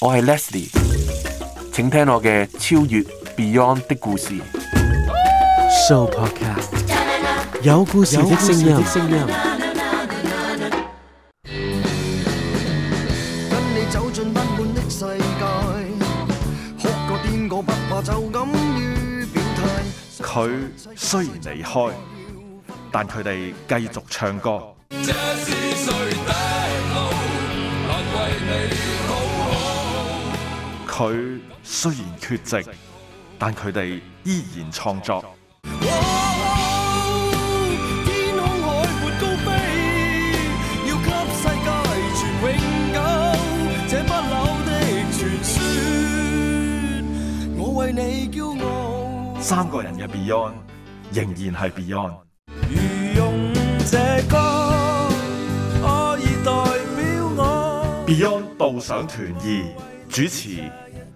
我係 Leslie，請聽我嘅超越 Beyond 的故事。So podcast 有故事的聲音。跟你走進不滿的世界，哭過癲過。佢雖然離開，但佢哋繼續唱歌。佢雖然缺席，但佢哋依然創作。哦、我為你驕傲，三個人嘅 Beyond 仍然係 Beyond。啊、Beyond 道上團二主持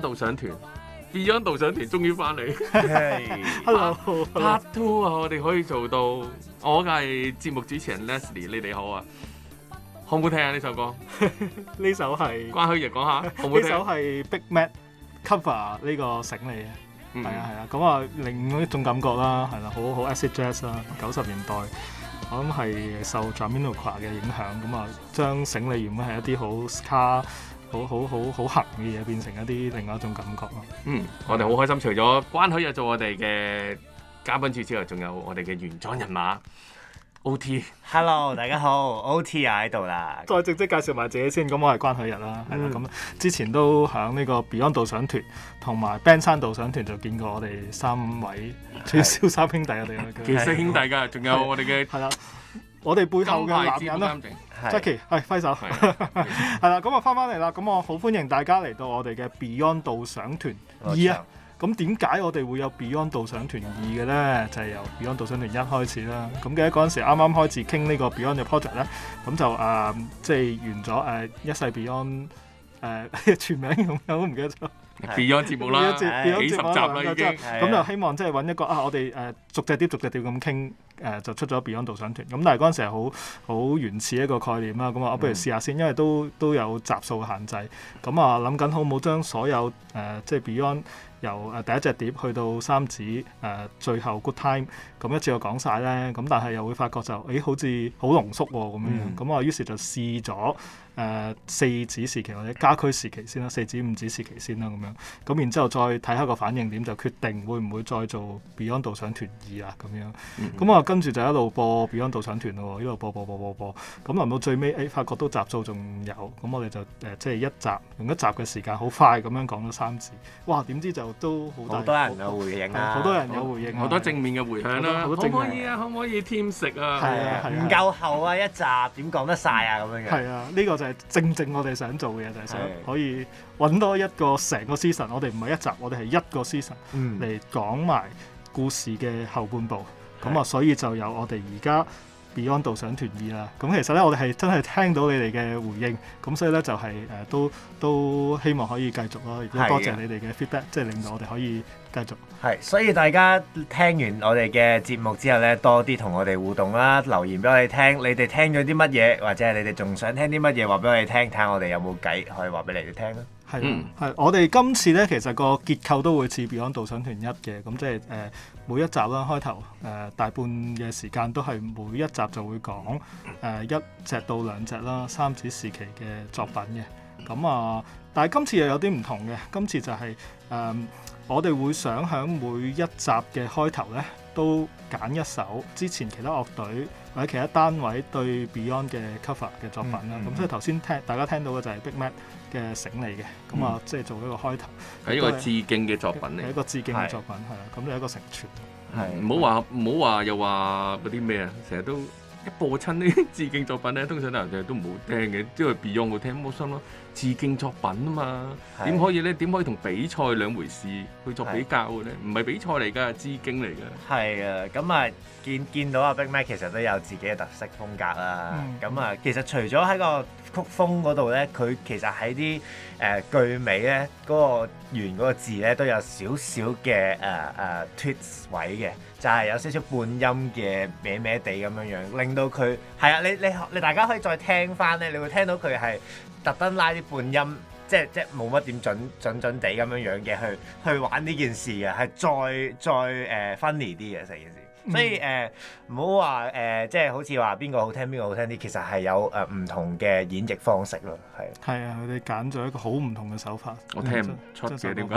導賞團 Beyond 導賞團終於翻嚟，Hello，part two 啊！我哋可以做到。我係節目主持人 Leslie，你哋好啊！好唔好聽啊？呢首歌，呢首係關曉怡講下，好唔好聽？呢首係 Big Mac cover 呢個醒你嘅，係啊係啊，咁啊另一種感覺啦，係啦，好好 acid jazz 啦，九十年代，我諗係受 Jamiroquai 嘅影響，咁啊將醒你原本係一啲好 scar。好好好好行嘅嘢，變成一啲另外一種感覺咯。嗯，我哋好開心。除咗關許日做我哋嘅嘉賓主持之外，仲有我哋嘅原裝人馬 O T。哦、OT Hello，大家好，O T 又喺度啦。 再直接介紹埋自己先。咁我係關許日啦。係啦、啊，咁、嗯、之前都喺呢個 Beyond 導賞團同埋 Band 山導賞團就見過我哋三位取消是三兄弟我哋方。幾識是兄弟噶？仲、啊、有我哋嘅係啦，我哋背後嘅男人啦。嗯嗯嗯嗯 Jackie，係、哎、揮手，係啦，咁啊，翻翻嚟啦，咁我好歡迎大家嚟到我哋嘅 Beyond 導賞團二啊！咁點解我哋會有 Beyond 導賞團二嘅咧？就係、是、由 Beyond 導賞團一開始啦。咁記得嗰陣時啱啱開始傾呢個 Beyond 嘅 project 咧，咁就誒即係完咗誒、呃、一世 Beyond 誒、呃、全名咁，我都唔記得咗。Beyond 節目啦，幾十集啦已經，咁就希望即係揾一個啊，我哋誒逐隻碟逐隻碟咁傾。誒、呃、就出咗 Beyond 導賞團，咁但係嗰陣時係好好原始一個概念啦，咁、嗯、啊我不如試下先，因為都都有集數限制，咁啊諗緊好唔好將所有誒、呃、即係 Beyond。由誒、呃、第一隻碟去到三子誒、呃、最後 Good Time 咁一次就講晒咧，咁但係又會發覺就誒、欸、好似好濃縮喎、哦、咁樣，咁我、mm hmm. 於是就試咗誒、呃、四子時期或者家駒時期先啦，四子五子時期先啦咁樣，咁然之後再睇下個反應點就決定會唔會再做 Beyond 導賞團二啊咁樣，咁我跟住就一路播 Beyond 導賞團咯喎，一路播播播播播，咁臨、mm hmm. 到最尾誒發覺都集數仲有，咁我哋就誒、呃、即係一集用一集嘅時間好快咁樣講咗三子。哇點知就～都好多多人有回應好、啊、多人有回應，好係多正面嘅回響咯、啊。可唔係可以啊？可唔可以添食啊？係啊，唔、啊、夠厚啊、嗯、一集點講得晒啊咁樣嘅。係啊，呢、啊呢個就係正正我哋想做嘅嘢，就係、係、想可以揾多一個成個 season，我哋唔係一集，我哋係一個 season、嗯、嚟講埋故事嘅後半部。咁啊，啊所以就有我哋而家。Beyond 導賞團二啦，咁其實咧我哋係真係聽到你哋嘅回應，咁所以咧就係誒都都希望可以繼續咯。亦都多謝你哋嘅 feedback，即係令到我哋可以繼續。係，所以大家聽完我哋嘅節目之後咧，多啲同我哋互動啦，留言俾我哋聽。你哋聽咗啲乜嘢，或者係你哋仲想聽啲乜嘢，話俾我哋聽，睇下我哋有冇計可以話俾你哋聽咯。係啊，係我哋今次咧，其實個結構都會似 Beyond 導賞團一嘅，咁即係誒。每一集啦，開頭誒大半嘅時間都係每一集就會講誒、呃、一隻到兩隻啦，三子時期嘅作品嘅咁啊。但係今次又有啲唔同嘅，今次就係、是、誒、呃、我哋會想喺每一集嘅開頭咧，都揀一首之前其他樂隊或者其他單位對 Beyond 嘅 cover 嘅作品啦。咁所以頭先聽大家聽到嘅就係 Big Mac，.嘅醒嚟嘅，咁啊，即係做一個開頭，係、嗯、一個致敬嘅作品嚟，係是一個致敬嘅作品，係啦是，咁一個成全，係唔好話，唔好話又話嗰啲咩啊，成日的都。一播親呢啲致敬作品咧，通常啲人就都唔好聽嘅，即係 Beyond 嘅聽冇心咯。致敬作品啊嘛，點可以咧？點可以同比賽兩回事去作比較嘅咧？唔係比賽嚟㗎，致敬嚟㗎。係啊，咁啊，見見到阿 Big Mac 其實都有自己嘅特色風格啦。咁啊，其實除咗喺個曲風嗰度咧，佢其實喺啲誒句尾咧嗰個圓嗰個字咧都有少少嘅誒誒 twist 位嘅。就係有少少半音嘅歪歪地咁樣樣，令到佢係啊，你你你大家可以再聽翻咧，你會聽到佢係特登拉啲半音，即即冇乜點準準準地咁樣樣嘅去去玩呢件事啊。係再再誒 funny 啲嘅成件事。所以誒，唔好話誒，即係好似話邊個好聽邊個好聽啲，其實係有誒唔同嘅演繹方式咯，係。係啊，佢哋揀咗一個好唔同嘅手法。我聽唔出嘅，點解？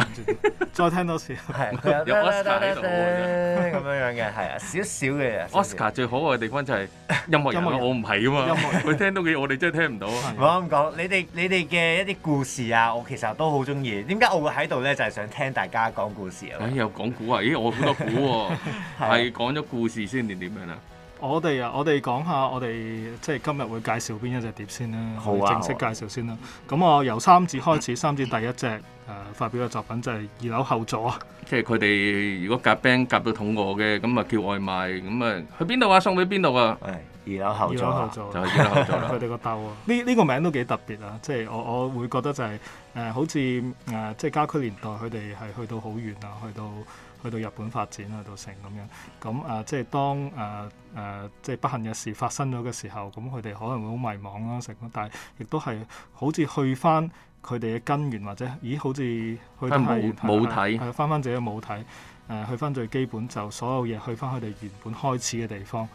再聽多次。係。有 Oscar 喺度咧，咁樣樣嘅，係啊，少少嘅。Oscar 最可愛嘅地方就係音樂人啦，我唔係啊嘛，音樂人，佢聽到嘅嘢我哋真係聽唔到。唔好咁講，你哋你哋嘅一啲故事啊，我其實都好中意。點解我會喺度咧？就係想聽大家講故事咯。誒，有講古啊？咦，我好多古喎，係講。啲故事先定點樣咧？我哋啊，我哋講下我哋即係今日會介紹邊一隻碟先啦。好啊，正式介紹先啦。咁啊，啊我由三字開始，三字第一隻誒、呃、發表嘅作品就係二樓後座啊。即係佢哋如果夾 band 夾到肚餓嘅，咁啊叫外賣，咁啊去邊度啊？送俾邊度啊？二樓後座，二樓後座，就二樓佢哋個兜啊。呢呢、這個名都幾特別啊！即係我我,我會覺得就係、是、誒、呃，好似誒、呃，即係家居年代，佢哋係去到好遠啊，去到。去到日本發展去到成咁樣咁啊，即係當誒誒、啊啊，即係不幸嘅事發生咗嘅時候，咁佢哋可能會好迷茫啦。成、啊。但係亦都係好似去翻佢哋嘅根源，或者，咦，好似去翻母體，翻翻自己嘅母體，誒、啊，去翻最基本就所有嘢，去翻佢哋原本開始嘅地方，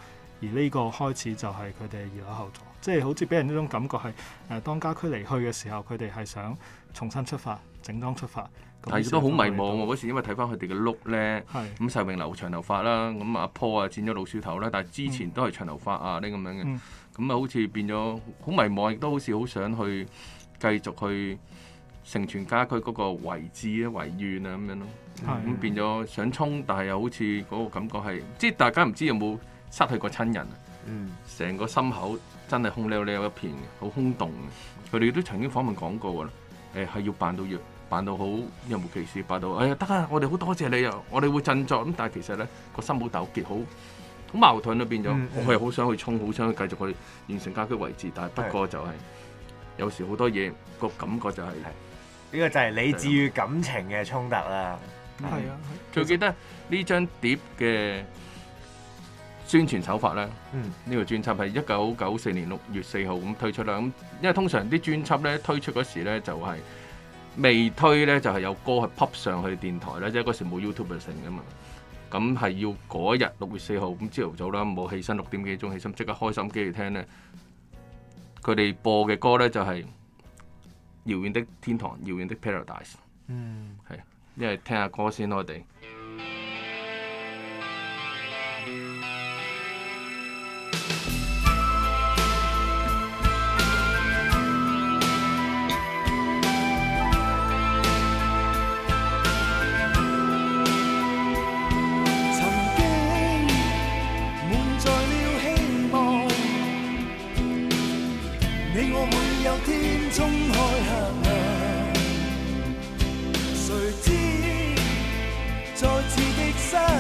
而呢個開始就係佢哋嘅二樓後座，即係好似俾人一種感覺係誒、啊，當家駒離去嘅時候，佢哋係想重新出發，整裝出發。但都好迷茫喎！嗰時因為睇翻佢哋嘅碌 o 咧，咁細榮留長頭髮啦，咁阿坡啊剪咗老鼠頭啦，但係之前都係長頭髮啊啲咁樣嘅，咁啊、嗯嗯嗯、好似變咗好迷茫，亦都好似好想去繼續去成全家駒嗰個遺志遺怨啊遺願啊咁樣咯，咁變咗想衝，但係又好似嗰個感覺係，即係大家唔知有冇失去過親人，成、嗯、個心口真係空溜溜一片，好空洞。佢哋都曾經訪問講過啦，誒、欸、係要扮到要。扮到好若無其事，扮到哎呀得啊！我哋好多謝你啊！我哋會振作咁，但係其實咧個心好糾結，好好矛盾咯，變咗、嗯、我係好想去衝，好想去繼續去完成家居維持，但係不過就係、是嗯、有時好多嘢個感覺就係、是、呢個就係理智與感情嘅衝突啦。係、嗯、啊，最、嗯、記得呢張碟嘅宣傳手法咧，呢、嗯、個專輯係一九九四年六月四號咁推出啦。咁因為通常啲專輯咧推出嗰時咧就係、是。未推咧就係、是、有歌係 pop 上去電台啦，即係嗰時冇 YouTube 成㗎嘛，咁係要嗰日六月四號咁朝頭早啦，冇起身六點幾鐘起身，即刻開心機去聽咧，佢哋播嘅歌咧就係、是《遙遠的天堂》《遙遠的 Paradise》，嗯、mm.，係，一係聽下歌先我哋。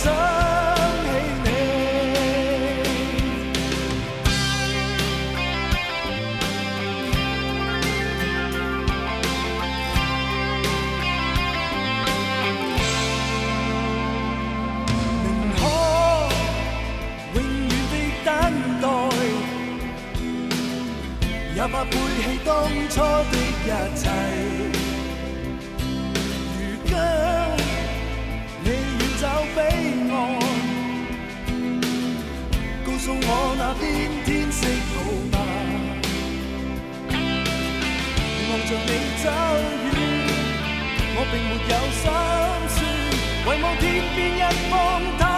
想起你，寧可永遠的等待，也怕背棄當初的一切。我那邊天色好嗎？望着你走遠，我並沒有心酸，唯望天邊一方。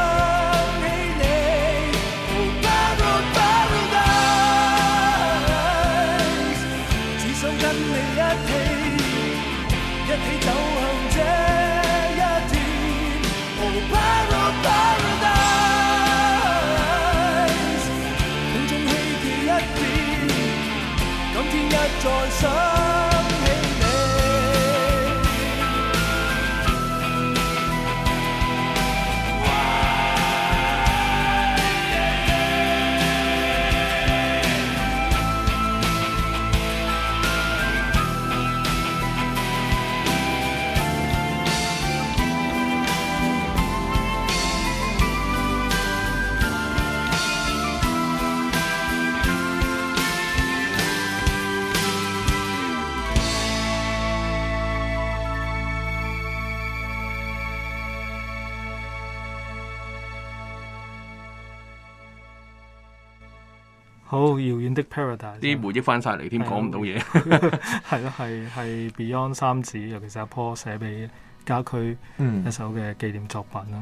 好、oh，遙遠的 paradise，啲回憶翻晒嚟，添，講唔到嘢。係咯，係係 Beyond 三子，尤其是阿 Paul 寫俾家駒一首嘅紀念作品啦。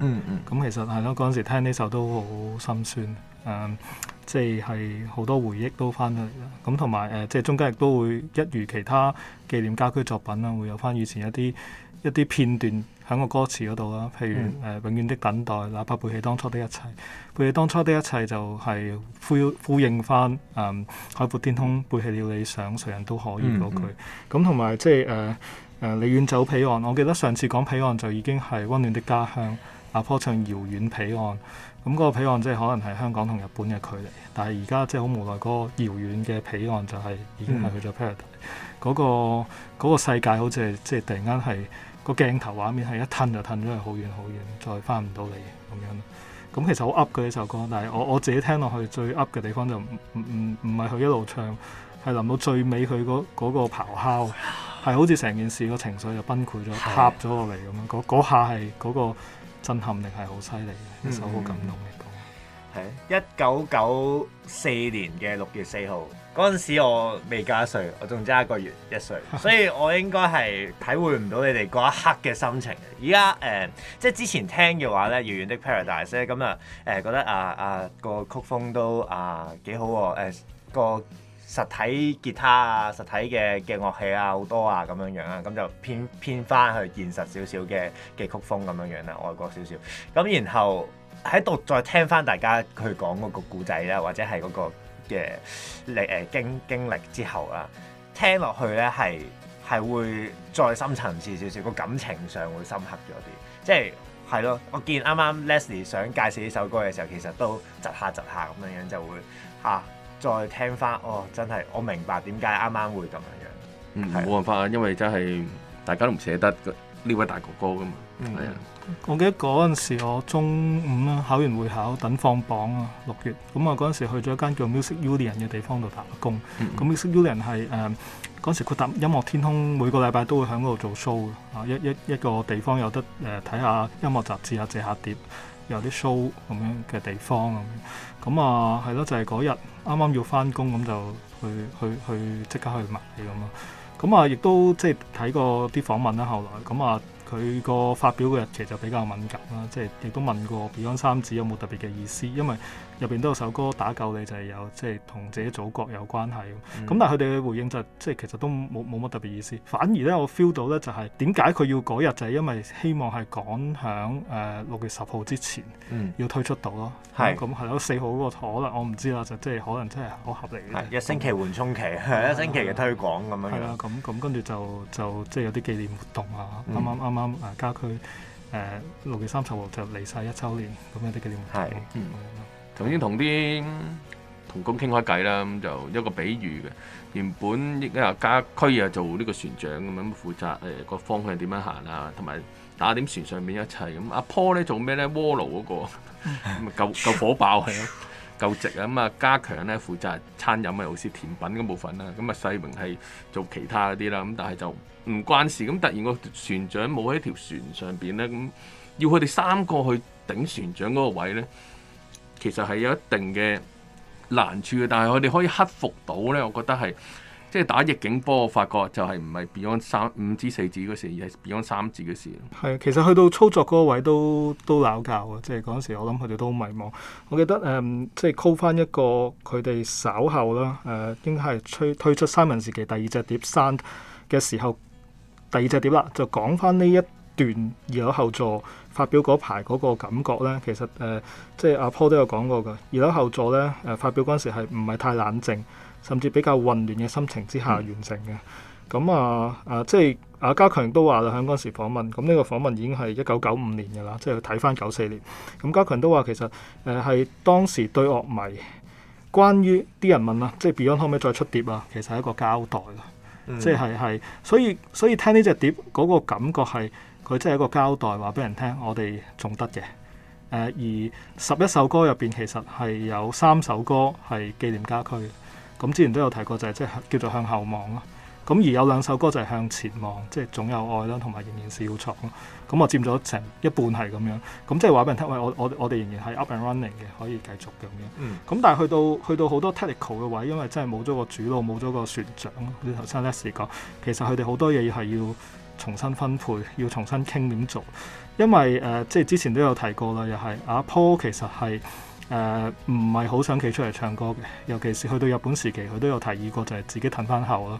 咁其實係咯，嗰陣時聽呢首都好心酸。誒、嗯，即係係好多回憶都翻到嚟啦。咁同埋誒，即係中間亦都會一如其他紀念家駒作品啦，會有翻以前一啲。一啲片段喺個歌詞嗰度啦，譬如誒、嗯呃、永遠的等待，哪怕背棄當初的一切，背棄當初的一切就係呼呼應返誒、嗯、海闊天空，背棄了理想，誰人都可以嗰句。咁同埋即係誒誒你遠走彼岸，我記得上次講彼岸就已經係溫暖的家鄉，阿坡唱遙遠彼岸。咁個彼岸即係可能係香港同日本嘅距離，但係而家即係好無奈嗰遙遠嘅彼岸就係已經係去咗 paradise。嗰個嗰、那個世界好似係即係突然間係。個鏡頭畫面係一褪就褪咗去好遠好遠，再翻唔到嚟咁樣。咁其實好 up 嘅呢首歌，但係我我自己聽落去最 up 嘅地方就唔唔唔唔係佢一路唱，係臨到最尾佢嗰個咆哮，係好似成件事個情緒就崩潰咗塌咗落嚟咁樣。嗰嗰下係嗰個震撼力係好犀利嘅一首好感動嘅歌。係一九九四年嘅六月四號。嗰陣時我未加一歲，我仲爭一個月一歲，所以我應該係體會唔到你哋嗰一刻嘅心情。而家誒，即係之前聽嘅話咧，《遙遠的 Paradise》咁啊誒，覺得啊啊、嗰個曲風都啊幾好喎誒、啊、個實體吉他啊、實體嘅嘅樂器啊好多啊咁樣樣啊，咁就編編翻去現實少少嘅嘅曲風咁樣樣啦，外國少少。咁然後喺度再聽翻大家佢講嗰個故仔啦，或者係嗰、嗰個。嘅嚟誒經歷之後啊，聽落去呢係係會再深層次少少，個感情上會深刻咗啲，即係係咯。我見啱啱 Leslie 想介紹呢首歌嘅時候，其實都窒下窒下咁樣樣就會吓、啊，再聽翻哦，真係我明白點解啱啱會咁樣樣。嗯，冇辦法啊，因為真係大家都唔捨得呢位大哥哥噶嘛，係啊、嗯。我記得嗰陣時，我中五啦，考完會考等放榜啊，六月。咁啊，嗰陣時去咗一間叫 Music Union 嘅地方度打工。咁、嗯嗯、Music Union 係誒，嗰、呃、陣時佢搭音樂天空每個禮拜都會喺嗰度做 show 啊，一一一個地方有得誒睇、呃、下音樂雜誌啊，借下碟，有啲 show 咁樣嘅地方咁。咁啊，係咯，就係嗰日啱啱要翻工咁就去去去即刻去買嘢咁咯。咁啊，亦都即係睇過啲訪問啦、啊，後來咁啊。佢個發表嘅日期就比較敏感啦，即係亦都問過 Beyond 三子有冇特別嘅意思，因為。入邊都有首歌打救你，就係、是、有即係同自己祖國有關係咁。嗯、但係佢哋嘅回應就是、即係其實都冇冇乜特別意思。反而咧，我 feel 到咧就係點解佢要嗰日就係、是、因為希望係趕喺誒六月十號之前、嗯、要推出到咯。係咁係咯，四號嗰個可能我唔知啦，就即係可能真係好合理一星期緩衝期，一星期嘅推廣咁樣樣。係啦，咁咁跟住就就即係有啲紀念活動啊，啱啱啱啱誒家居誒六月三十號就嚟晒一週年咁樣啲紀念活動。首先同啲同工傾開偈啦，咁就一個比喻嘅。原本依家阿家區啊做呢個船長咁樣負責誒個方向點樣行啊，同埋打點船上面一切咁。阿坡咧做咩咧？鍋爐嗰個咁啊，夠夠火爆係咯，夠直啊咁啊。家強咧負，負責餐飲啊，好似甜品嗰部分啦。咁啊，世榮係做其他嗰啲啦。咁但係就唔關事。咁突然個船長冇喺條船上邊咧，咁要佢哋三個去頂船長嗰個位咧。其實係有一定嘅難處嘅，但係我哋可以克服到呢。我覺得係即係打逆境波，我發覺就係唔係 Beyond 三五至四子嗰時，而係 Beyond 三子嗰時。係，其實去到操作嗰個位都都鬧交啊！即係嗰陣時，我諗佢哋都好迷茫。我記得誒，即、嗯、係、就是、call 翻一個佢哋稍後啦，誒、呃、應該係推推出三文 m 時期第二隻碟 Sound 嘅時候，第二隻碟啦，就講翻呢一段二樓後座。發表嗰排嗰個感覺咧，其實誒、呃，即係阿 Paul 都有講過嘅。二樓後座咧，誒、呃、發表嗰陣時係唔係太冷靜，甚至比較混亂嘅心情之下完成嘅。咁、嗯、啊啊，即係阿家強都話啦，喺嗰陣時訪問。咁、嗯、呢個訪問已經係一九九五年㗎啦，即係佢睇翻九四年。咁、嗯、家強都話其實誒係、呃、當時對樂迷，關於啲人問啊，即係 Beyond 可唔可以再出碟啊？其實係一個交代嘅，嗯、即係係。所以所以，所以聽呢隻碟嗰個感覺係。佢真係一個交代，話俾人聽，我哋仲得嘅。誒，而十一首歌入邊，其實係有三首歌係紀念家區嘅。咁之前都有提過，就係即係叫做向後望咯。咁而有兩首歌就係向前望，即係總有愛啦，同埋仍然笑闖咯。咁我佔咗成一半係咁樣。咁即係話俾人聽，我我我哋仍然係 up and running 嘅，可以繼續嘅咁樣。咁但係去到去到好多 technical 嘅位，因為真係冇咗個主路，冇咗個船長。你頭先 l e s l 其實佢哋好多嘢係要。重新分配要重新傾點做，因為誒、呃、即係之前都有提過啦，又係阿 Paul 其實係誒唔係好想企出嚟唱歌嘅，尤其是去到日本時期，佢都有提議過就係、是、自己褪翻後咯，誒、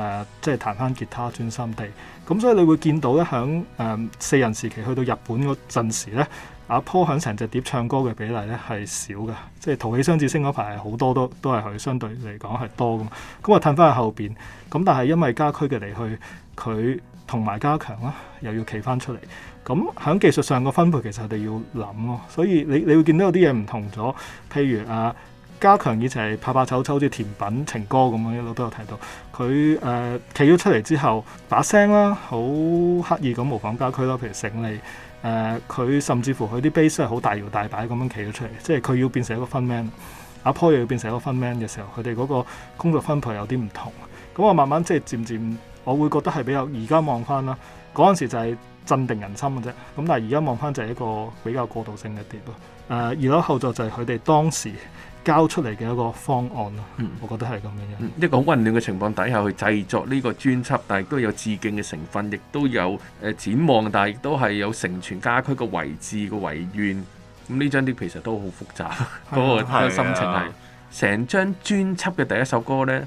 呃、即係彈翻吉他專心地。咁、嗯、所以你會見到咧，響誒、呃、四人時期去到日本嗰陣時咧，阿 Paul 響成隻碟唱歌嘅比例咧係少嘅，即係淘氣雙子星嗰排係好多都都係佢相對嚟講係多㗎嘛。咁啊褪翻去後邊，咁但係因為家駒嘅離去佢。同埋加強啦，又要企翻出嚟。咁喺技術上個分配，其實我哋要諗咯。所以你你會見到有啲嘢唔同咗。譬如啊，加強以前係怕怕醜醜，好似甜品情歌咁樣一路都有提到。佢誒企咗出嚟之後，把聲啦好刻意咁模仿家駒啦，譬如醒你誒，佢、呃、甚至乎佢啲 bass 係好大搖大擺咁樣企咗出嚟，即係佢要變成一個 frontman，阿、啊、Paul 又要變成一個 frontman 嘅時候，佢哋嗰個工作分配有啲唔同。咁我慢慢即係漸漸。我會覺得係比較而家望翻啦，嗰陣時就係鎮定人心嘅啫。咁但係而家望翻就係一個比較過渡性嘅碟咯。誒、呃，二樓後座就係佢哋當時交出嚟嘅一個方案咯。嗯，我覺得係咁樣，嗯，一個好混亂嘅情況底下去製作呢個專輯，但係都有致敬嘅成分，亦都有誒展望，但係亦都係有成全家駒嘅遺志嘅遺願。咁呢張碟其實都好複雜，嗰、啊 嗰個心情係成張專輯嘅第一首歌咧，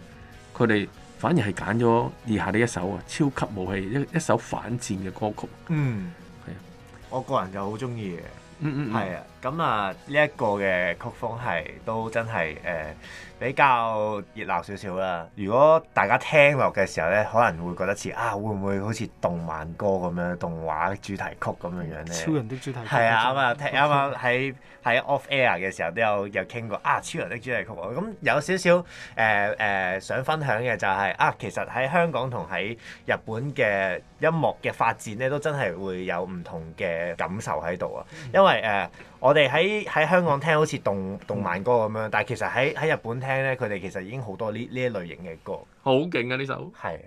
佢哋。反而係揀咗以下呢一首啊，超級武器，一一首反戰嘅歌曲。嗯，係啊的，我個人就好中意嘅。嗯嗯嗯，係啊。咁啊，呢一個嘅曲風係都真係誒、呃、比較熱鬧少少啦。如果大家聽落嘅時候咧，可能會覺得似啊，會唔會好似動漫歌咁樣、動畫主題曲咁樣樣咧？超人的主題曲，係啊，啱啊，啱啱喺喺 Off Air 嘅時候都有有傾過啊，超人的主題曲啊。咁有少少誒誒想分享嘅就係、是、啊，其實喺香港同喺日本嘅音樂嘅發展咧，都真係會有唔同嘅感受喺度啊，mm hmm. 因為誒。呃我哋喺喺香港聽好似動動漫歌咁樣，但係其實喺喺日本聽咧，佢哋其實已經好多呢呢一類型嘅歌。好勁啊！呢首。係。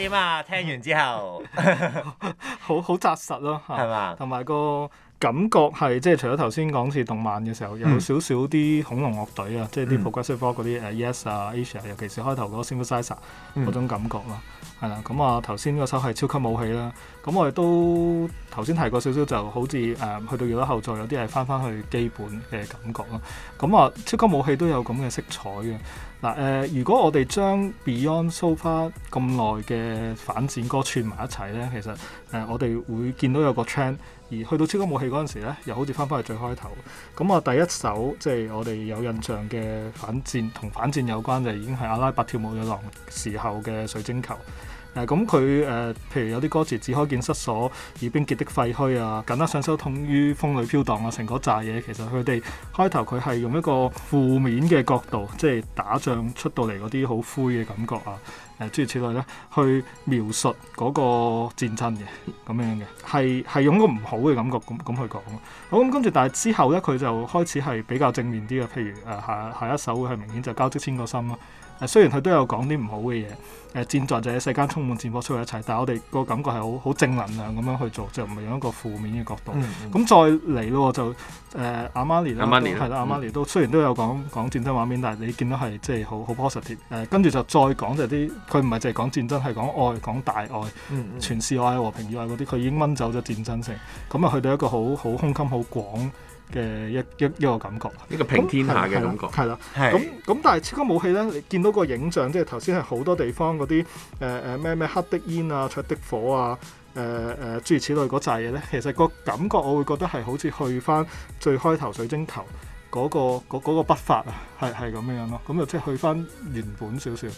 點啊？聽完之後 好，好好扎實咯，啊，係嘛吧？同埋個感覺係即係除咗頭先講似動漫嘅時候，mm. 有少少啲恐龍樂隊啊，即係啲 Progressive Rock 嗰啲，mm. uh, Yes 啊 Asia，尤其是開頭嗰個 synthesizer 嗰種感覺咯，啊，係啦、mm.。咁啊頭先嗰首係《超級武器》啦，咁我亦都頭先提過少少，就好似誒、呃、去到搖滾後座有啲係翻翻去基本嘅感覺咯。咁啊《超級武器》都有咁嘅色彩嘅。嗱誒，如果我哋將 Beyond So Far 咁耐嘅反戰歌串埋一齊咧，其實誒我哋會見到有個 trend，而去到超級武器嗰陣時咧，又好似翻返去最開頭。咁啊，第一首即係、就是、我哋有印象嘅反戰同反戰有關就已經係阿拉伯跳舞女郎嘅時候嘅水晶球。誒咁佢誒，譬如有啲歌詞，只可見失所而冰結的廢墟啊，緊握上手痛於風裏飄蕩啊，成嗰扎嘢其實佢哋開頭佢係用一個負面嘅角度，即係打仗出到嚟嗰啲好灰嘅感覺啊，誒、啊、諸如此類咧，去描述嗰個戰爭嘅咁樣嘅，係係用一個唔好嘅感覺咁咁去講。好咁跟住，但係之後咧，佢就開始係比較正面啲嘅，譬如誒、啊、下一下一首係明顯就交織千個心啦、啊。誒雖然佢都有講啲唔好嘅嘢，誒、呃、戰在這世間充滿戰火，出去一齊，但係我哋個感覺係好好正能量咁樣去做，就唔係用一個負面嘅角度。咁、嗯嗯、再嚟咯，就誒阿瑪尼啦，啦、呃，阿瑪尼、尼、嗯、尼都雖然都有講講戰爭畫面，但係你見到係即係好好 positive。誒跟住就再講就啲，佢唔係淨係講戰爭，係講愛，講大愛，嗯，嗯全是愛和平愛嗰啲，佢已經掹走咗戰爭性，咁啊去到一個好好胸襟好廣。嘅一一個感覺，一個平天下嘅感覺，係啦、嗯。咁咁的、嗯嗯，但係《超級武器》咧，你見到個影像，即係頭先係好多地方嗰啲誒誒咩咩黑的煙啊、灼的火啊、誒、呃、誒諸如此類嗰扎嘢咧，其實個感覺我會覺得係好似去翻最開頭水晶球嗰、嗰個嗰、嗰個嗰個、筆法啊，係係咁樣咯。咁、嗯、就即係去翻原本少少，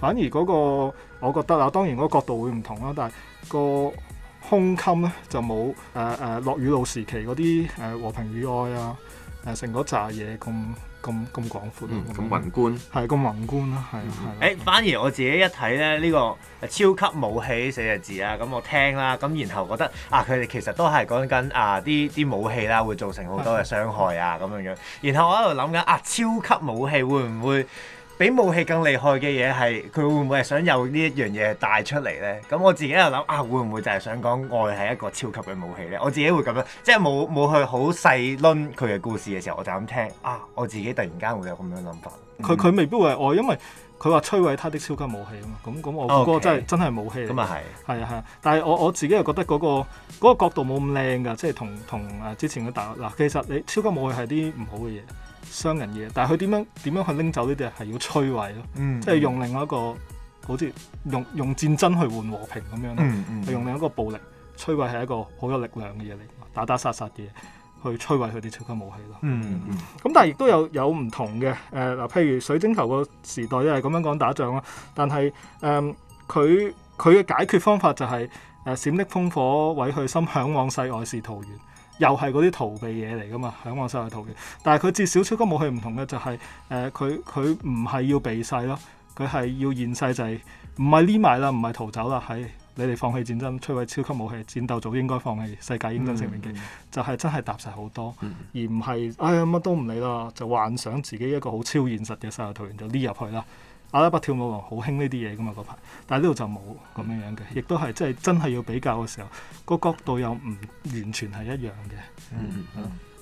反而嗰、嗰個我覺得啊，當然個角度會唔同啦，但係、嗰個。胸襟咧，就冇誒誒落雨老時期嗰啲誒和平與愛啊誒、呃、成嗰扎嘢咁咁咁廣闊。咁宏觀係，咁宏觀啦，係係。誒，反而我自己一睇咧呢個超級武器四隻字啊，咁我聽啦，咁然後覺得啊，佢哋其實都係講緊啊啲啲武器啦，會造成好多嘅傷害啊咁樣樣。的然後我喺度諗緊啊，超級武器會唔會？比武器更厲害嘅嘢係，佢會唔會係想有呢一樣嘢帶出嚟咧？咁我自己又諗啊，會唔會就係想講愛係一個超級嘅武器咧？我自己會咁樣，即係冇冇去好細諗佢嘅故事嘅時候，我就咁聽啊，我自己突然間會有咁樣諗法。佢、嗯、佢未必會係愛，因為佢話摧毀他的超級武器啊嘛。咁咁，我嗰個 Okay, 真係真係武器。咁啊係，係啊係。但係我我自己又覺得嗰、嗰個嗰個角度冇咁靚噶，即係同同誒之前嘅大嗱，其實你超級武器係啲唔好嘅嘢。商人嘢，但係佢點樣點樣去拎走呢啲係要摧毀咯，嗯嗯、即係用另外一個好似用用戰爭去換和平咁樣咯，嗯嗯、用另一個暴力摧毀係一個好有力量嘅嘢嚟，打打殺殺嘅嘢去摧毀佢啲超級武器咯。咁、嗯嗯、但係亦都有有唔同嘅，誒、呃、嗱，譬如水晶球個時代又係咁樣講打仗啦，但係誒佢佢嘅解決方法就係、是、誒、呃、閃電烽火，毀去心向往世外是桃源。又係嗰啲逃避嘢嚟噶嘛，喺我世界逃避。但係佢至少超級武器唔同嘅就係、是，誒佢佢唔係要避世咯，佢係要現世就係、是，唔係匿埋啦，唔係逃走啦。係你哋放棄戰爭，摧毀超級武器，戰鬥組應該放棄世界應該成名記，嗯、就係真係踏實好多，嗯、而唔係哎呀乜都唔理啦，就幻想自己一個好超現實嘅世界逃完就匿入去啦。阿拉伯跳舞王好興呢啲嘢噶嘛嗰排，但係呢度就冇咁樣樣嘅，亦都係即係真係要比較嘅時候，個角度又唔完全係一樣嘅。嗯，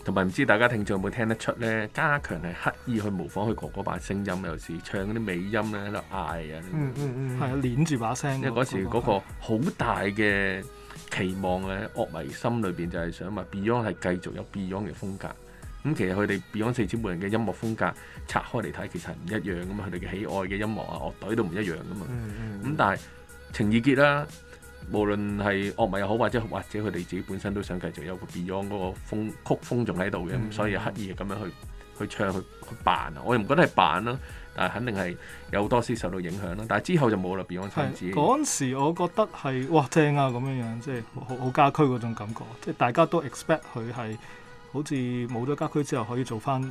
同埋唔知大家聽眾有冇聽得出咧？加強係刻意去模仿佢哥哥聲、啊、把聲音，有時唱嗰啲尾音咧喺度嗌啊。嗯，係啊，攣住把聲。因為嗰時嗰個好大嘅期望咧，嗯、樂迷心裏邊就係想話 Beyond 係繼續有 Beyond 嘅風格。咁、嗯、其實佢哋 Beyond 四子每人嘅音樂風格拆開嚟睇，其實唔一樣噶嘛，佢哋嘅喜愛嘅音樂啊樂隊都唔一樣噶嘛。咁、嗯嗯嗯、但係情意結啦、啊，無論係樂迷又好，或者或者佢哋自己本身都想繼續有個 Beyond 嗰個風曲風仲喺度嘅，咁、嗯、所以刻意咁樣去去唱去扮，我又唔覺得係扮啦，但係肯定係有多少受到影響啦。但係之後就冇啦，Beyond 三子嗰時我覺得係哇正啊咁樣樣，即係好好家駒嗰種感覺，即係大家都 expect 佢係。好似冇咗家居之後可以做翻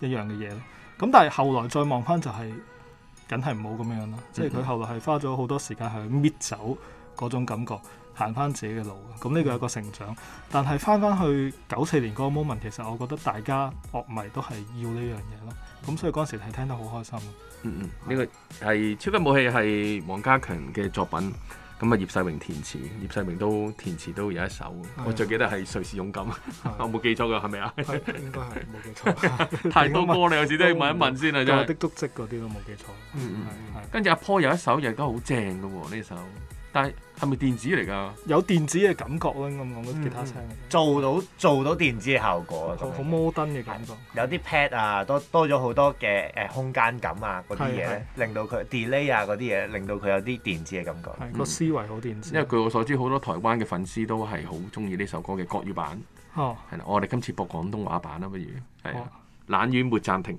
一樣嘅嘢，咁但係後來再望翻就係梗係唔好咁樣啦。即係佢後來係花咗好多時間去搣走嗰種感覺，行翻自己嘅路，咁呢個係個成長。但係翻翻去九四年嗰個 moment，其實我覺得大家樂迷都係要呢樣嘢咯，咁所以嗰陣時係聽得好開心。嗯嗯，呢個係《超級武器》係黃家強嘅作品。咁啊，葉世榮填詞，葉世榮都填詞都有一首，我最記得係瑞士勇敢，我冇記錯嘅係咪啊？應該係冇記錯，太多歌你有時都要問一問先啊，真係的足跡嗰啲都冇記錯。嗯嗯，係。跟住阿 Paul 有一首亦都好正嘅喎，呢首，但係。係咪電子嚟㗎？有電子嘅感覺咯，咁講個吉他聲、嗯，做到做到電子嘅效果，好摩登嘅感覺。有啲 pad 啊，多多咗好多嘅誒、呃、空間感啊嗰啲嘢，令到佢 delay 啊嗰啲嘢，令到佢有啲電子嘅感覺。嗯、個思維好電子。因為據我所知，好多台灣嘅粉絲都係好中意呢首歌嘅國語版。啊、哦，係啦，我哋今次播廣東話版啦，不如係啊。冷雨沒暫停。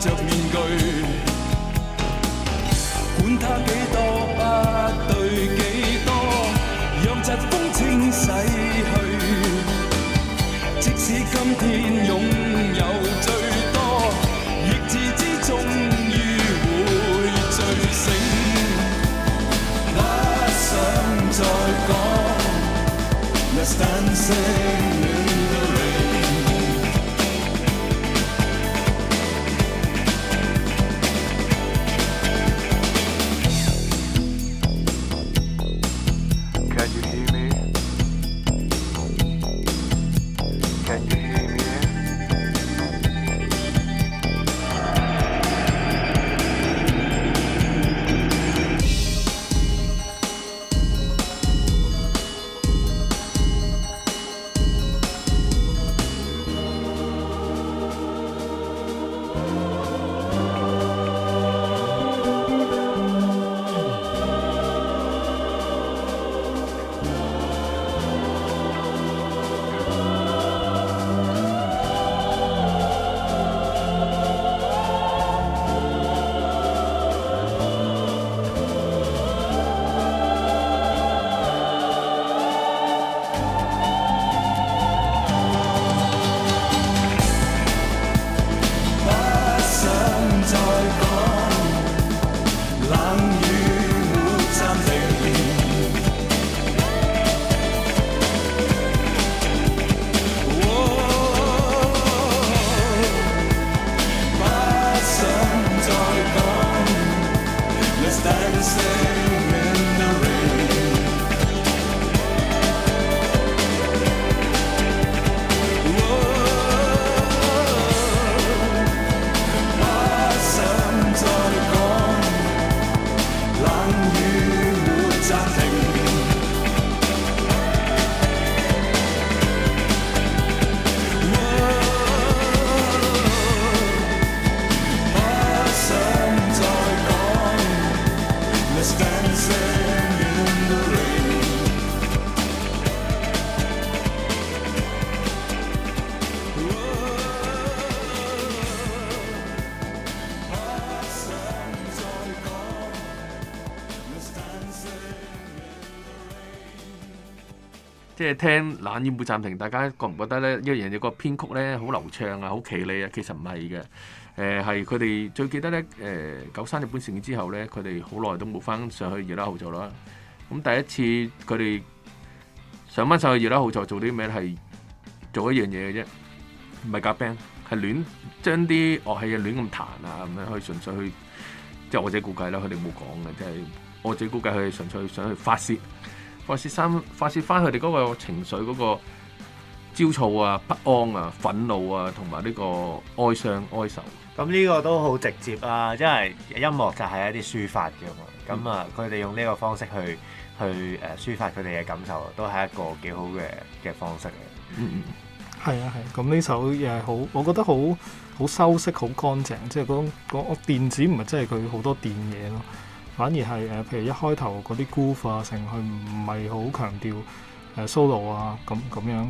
着面具。聽冷演奏暫停，大家覺唔覺得咧？因為人哋個編曲咧好流暢啊，好綺麗啊，其實唔係嘅。誒，係佢哋最記得咧。誒，九三日本事件之後咧，佢哋好耐都冇翻上去二樓後座啦。咁第一次佢哋上翻上去二樓後座做啲咩？係做一樣嘢嘅啫，唔係夾 band，係亂將啲樂器啊亂咁彈啊，咁樣去純粹去，即係我自己估計啦。佢哋冇講嘅，即係我自己估計佢係純粹想去發洩。發泄心，發泄翻佢哋嗰個情緒，嗰個焦躁啊、不安啊、憤怒啊，同埋呢個哀傷、哀愁。咁呢個都好直接啊！因為音樂就係一啲抒發嘅嘛。咁啊，佢哋、嗯、用呢個方式去去誒抒發佢哋嘅感受，都係一個幾好嘅嘅方式嚟。嗯嗯，係啊係。咁呢、啊、首又係好，我覺得好好修飾、好乾淨，即係嗰嗰個電子唔係真係佢好多電嘢咯。反而係誒、呃，譬如一開頭嗰啲固化成佢唔係好強調誒 solo、呃、啊，咁咁樣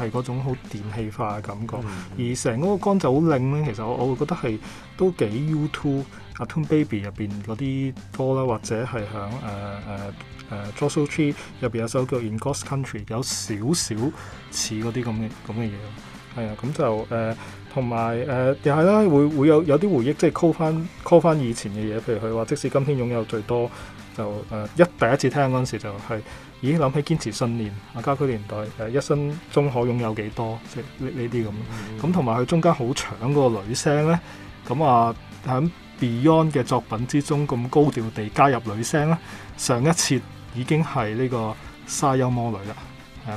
誒係嗰種好電氣化嘅感覺。嗯、而成嗰個歌就好 link 咧，其實我我會覺得係都幾 U2、Achtung Baby 入邊嗰啲歌啦，或者係響誒誒誒 Joshua Tree 入邊有首叫 In Ghost Country，有少少似嗰啲咁嘅咁嘅嘢。係啊，咁就誒。呃同埋誒又係啦，會會有有啲回憶，即係 call 翻 call 翻以前嘅嘢。譬如佢話，即使今天擁有最多，就誒一、呃、第一次聽嗰陣時就係、是，咦諗起堅持信念啊！家居年代誒、呃、一生中可擁有幾多？即係呢呢啲咁。咁同埋佢中間好搶嗰個女聲咧，咁啊喺 Beyond 嘅作品之中咁高調地加入女聲咧，上一次已經係呢個沙丘魔女啦。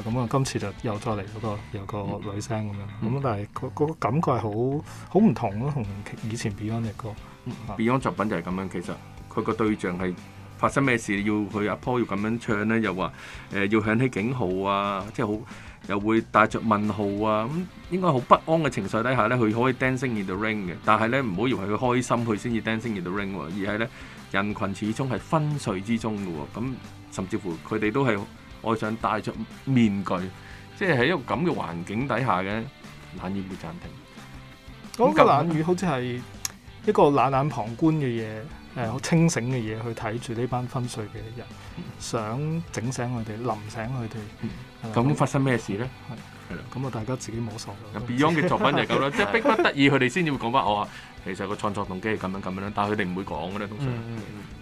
咁啊，今次就又再嚟嗰個有個女聲咁樣，咁但係個個感覺係好好唔同咯，同以前 Beyond 嘅歌。Beyond 作品就係咁樣，其實佢個對象係發生咩事要佢阿 Paul 要咁樣唱咧，又話誒、呃、要響起警號啊，即係好又會帶着問號啊，咁應該好不安嘅情緒底下咧，佢可以 dancing in the ring 嘅，但係咧唔好以為佢開心，佢先至 dancing in the ring 喎，而係咧人群始終係昏睡之中嘅喎，咁甚至乎佢哋都係。我想戴著面具，即係喺一個咁嘅環境底下嘅，冷雨會暫停。嗰個冷雨好似係一個冷眼旁觀嘅嘢，誒好清醒嘅嘢去睇住呢班昏睡嘅人。想整醒佢哋，淋醒佢哋。咁發生咩事咧？係啦，咁啊，大家自己摸索。Beyond 嘅作品就係咁啦，即係迫不得已，佢哋先至會講翻我啊。其實個創作動機係咁樣咁樣，但係佢哋唔會講嘅咧，通常。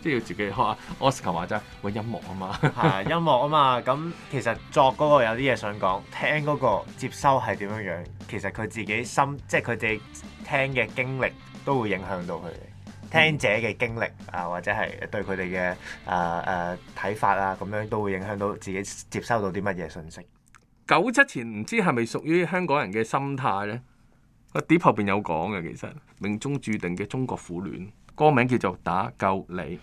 即係要自己，學下，Oscar 話齋，搵音樂啊嘛。係音樂啊嘛。咁其實作嗰個有啲嘢想講，聽嗰個接收係點樣樣，其實佢自己心，即係佢哋聽嘅經歷都會影響到佢嘅。聽者嘅經歷啊，或者係對佢哋嘅誒誒睇法啊，咁樣都會影響到自己接收到啲乜嘢訊息。九七前唔知係咪屬於香港人嘅心態咧？個碟後邊有講嘅，其實命中注定嘅中國苦戀，歌名叫做打救你。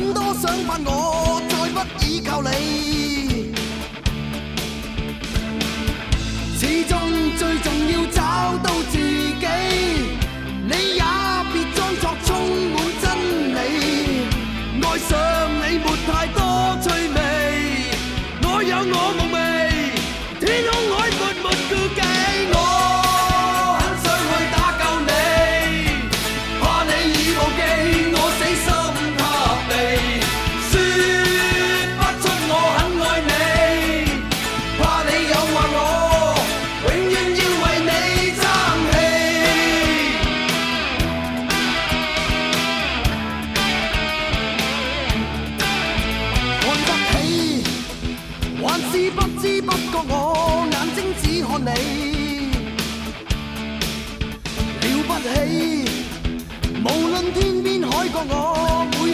很多想法我，我再不依靠你，始終最重要找到自己。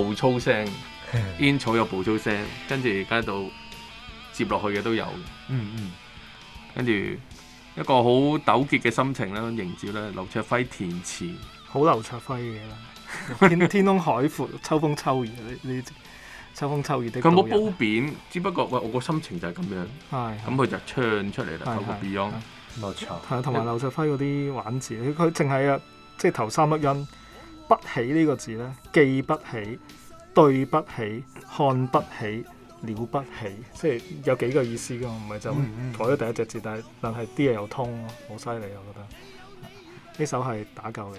步操聲，intro 有步操聲，跟住而家到接落去嘅都有，嗯嗯，跟住一個好糾結嘅心情咧，迎接咧，劉卓輝填詞，好劉卓輝嘅啦，見到天空海闊，秋風秋雨呢呢，秋風秋雨的，佢冇褒貶，只不過喂，我個心情就係咁樣，係、哎哎，咁佢就唱出嚟啦，透過 Beyond，冇、哎哎哎、錯，係同埋劉卓輝嗰啲玩字，佢佢淨係啊，即係頭三粒音。不起呢個字咧，記不起，對不起，看不起，了不起，即係有幾個意思噶，唔係就改咗第一隻字，但係但係啲嘢又通咯，好犀利，我覺得呢首係打救嚟，係、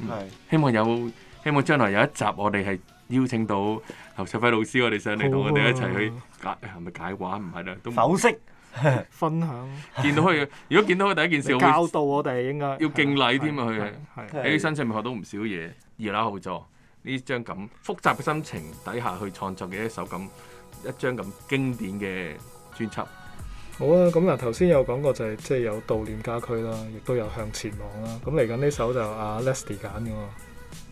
嗯、是希望有希望將來有一集我哋係邀請到侯卓輝老師我，啊、我哋上嚟同我哋一齊去解係咪解畫？唔係啦，都否釋則。 分享，見到佢，如果見到佢第一件事會教導我哋應該要敬禮添啊！佢喺佢身上面學到唔少嘢，二樓後座呢張咁複雜嘅心情底下去創作嘅一首咁一張咁經典嘅專輯。好啊，咁嗱頭先有講過就係即係有悼念家駒啦，亦都有向前望啦。咁嚟緊呢首就阿 Leslie 揀嘅喎。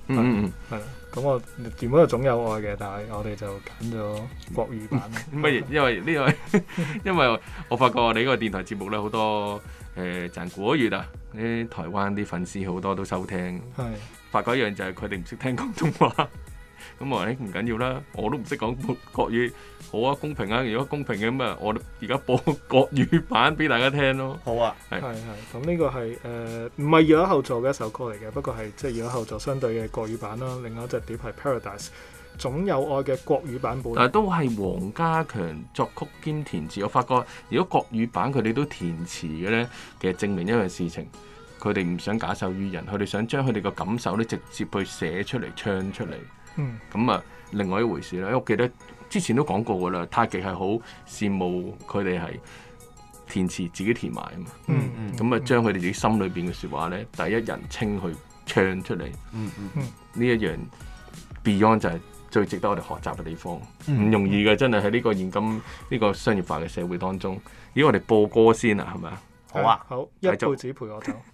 嗯嗯，係 啦樂，咁我原本係總有愛嘅，但係我哋就揀咗國語版。乜 嘢樂、嗯嗯嗯嗯。因為呢個，因為我發覺你呢個電台節目咧，好多誒，就係國語啊，啲台灣啲粉絲好多都收聽。係。發覺一樣就係佢哋唔識聽廣東話。咁啊，我話你唔緊要啦，我都唔識講國語，好啊，公平啊。如果公平嘅咁啊，我而家播國語版俾大家聽咯。好啊，係係係。咁呢個係誒唔係「二樓後座」嘅一首歌嚟嘅，不過係即係「二樓後座」相對嘅國語版啦。另外一隻碟係 Paradise 總有愛嘅國語版本，但係都係黃家強作曲兼填詞。我發覺如果國語版佢哋都填詞嘅咧，其實證明一樣事情，佢哋唔想假手於人，佢哋想將佢哋嘅感受咧直接去寫出嚟、唱出嚟。嗯，咁啊，另外一回事啦。因為我記得之前都講過噶啦，太極係好羨慕佢哋係填詞自己填埋啊嘛。嗯嗯，咁、嗯、啊，將佢哋自己心裏邊嘅說話咧，第一人稱去唱出嚟、嗯。嗯嗯，呢一樣 Beyond 就係最值得我哋學習嘅地方。唔、嗯、容易嘅，真係喺呢個現今呢、呢個商業化嘅社會當中。咦，我哋播歌先啊，係咪啊？好啊，好，一輩子陪我走。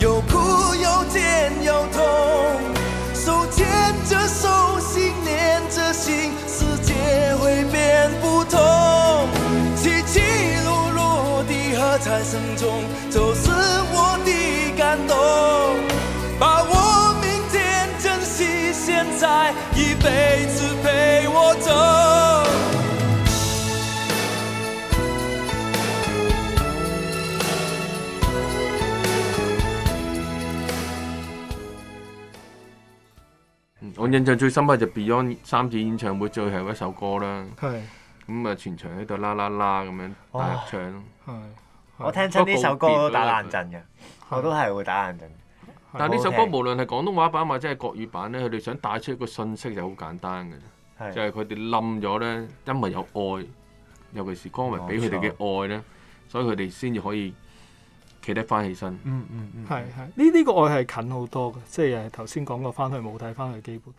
就是我的感動，把握明天，珍惜現在，一輩子陪我走。我印象最深刻就 Beyond 三次演唱會最後一首歌啦。係咁啊！全場喺度啦啦啦咁樣大合唱咯。係、oh,。我聽出呢首歌都打冷震嘅，的我都係會打冷震。的但係呢首歌無論係廣東話版或者係國語版咧，佢哋的想帶出一個信息就好簡單嘅，的就係佢哋冧咗咧，因為有愛，尤其是歌迷俾佢哋嘅愛咧，所以佢哋先至可以企得翻起身、嗯。嗯嗯，係係，呢、這、呢個愛係近好多嘅，即係頭先講過翻去母體翻去基本，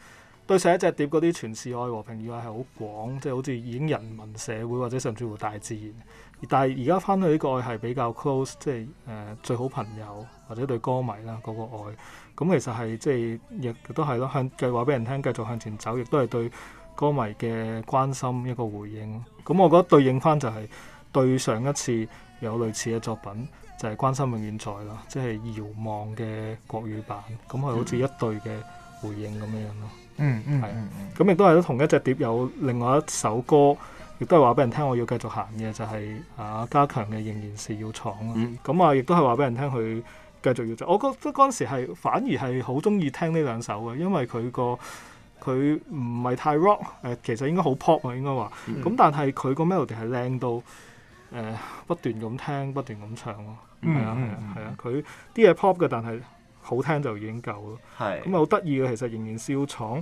對上一隻碟嗰啲全是愛和平語係好廣，即、就、係、是、好似已經人民社會或者甚至乎大自然。但係而家翻去呢個愛係比較 close，即係誒、呃、最好朋友或者對歌迷啦嗰，那個愛，咁、嗯、其實係即係亦都係咯，向繼續話俾人聽，繼續向前走，亦都係對歌迷嘅關心一個回應。咁我覺得對應翻就係對上一次有類似嘅作品，就係關心永遠在啦，即係遙望嘅國語版，咁係好似一對嘅回應咁樣咯。嗯嗯，係。咁亦都係同一隻碟有另外一首歌。亦都係話俾人聽，我要繼續行嘅就係、是、啊，加強嘅仍然是要闖、啊。咁、嗯嗯、啊，亦都係話俾人聽佢繼續要做。我覺得嗰陣時係反而係好中意聽呢兩首嘅，因為佢個佢唔係太 rock 誒、呃，其實應該好 pop 啊，應該話。咁、嗯嗯、但係佢個 melody 係靚到誒、呃，不斷咁聽，不斷咁唱咯。係啊係啊係啊，佢啲嘢 pop 嘅，但係好聽就已經夠咯。咁啊是，好得意嘅，其實仍然是要闖，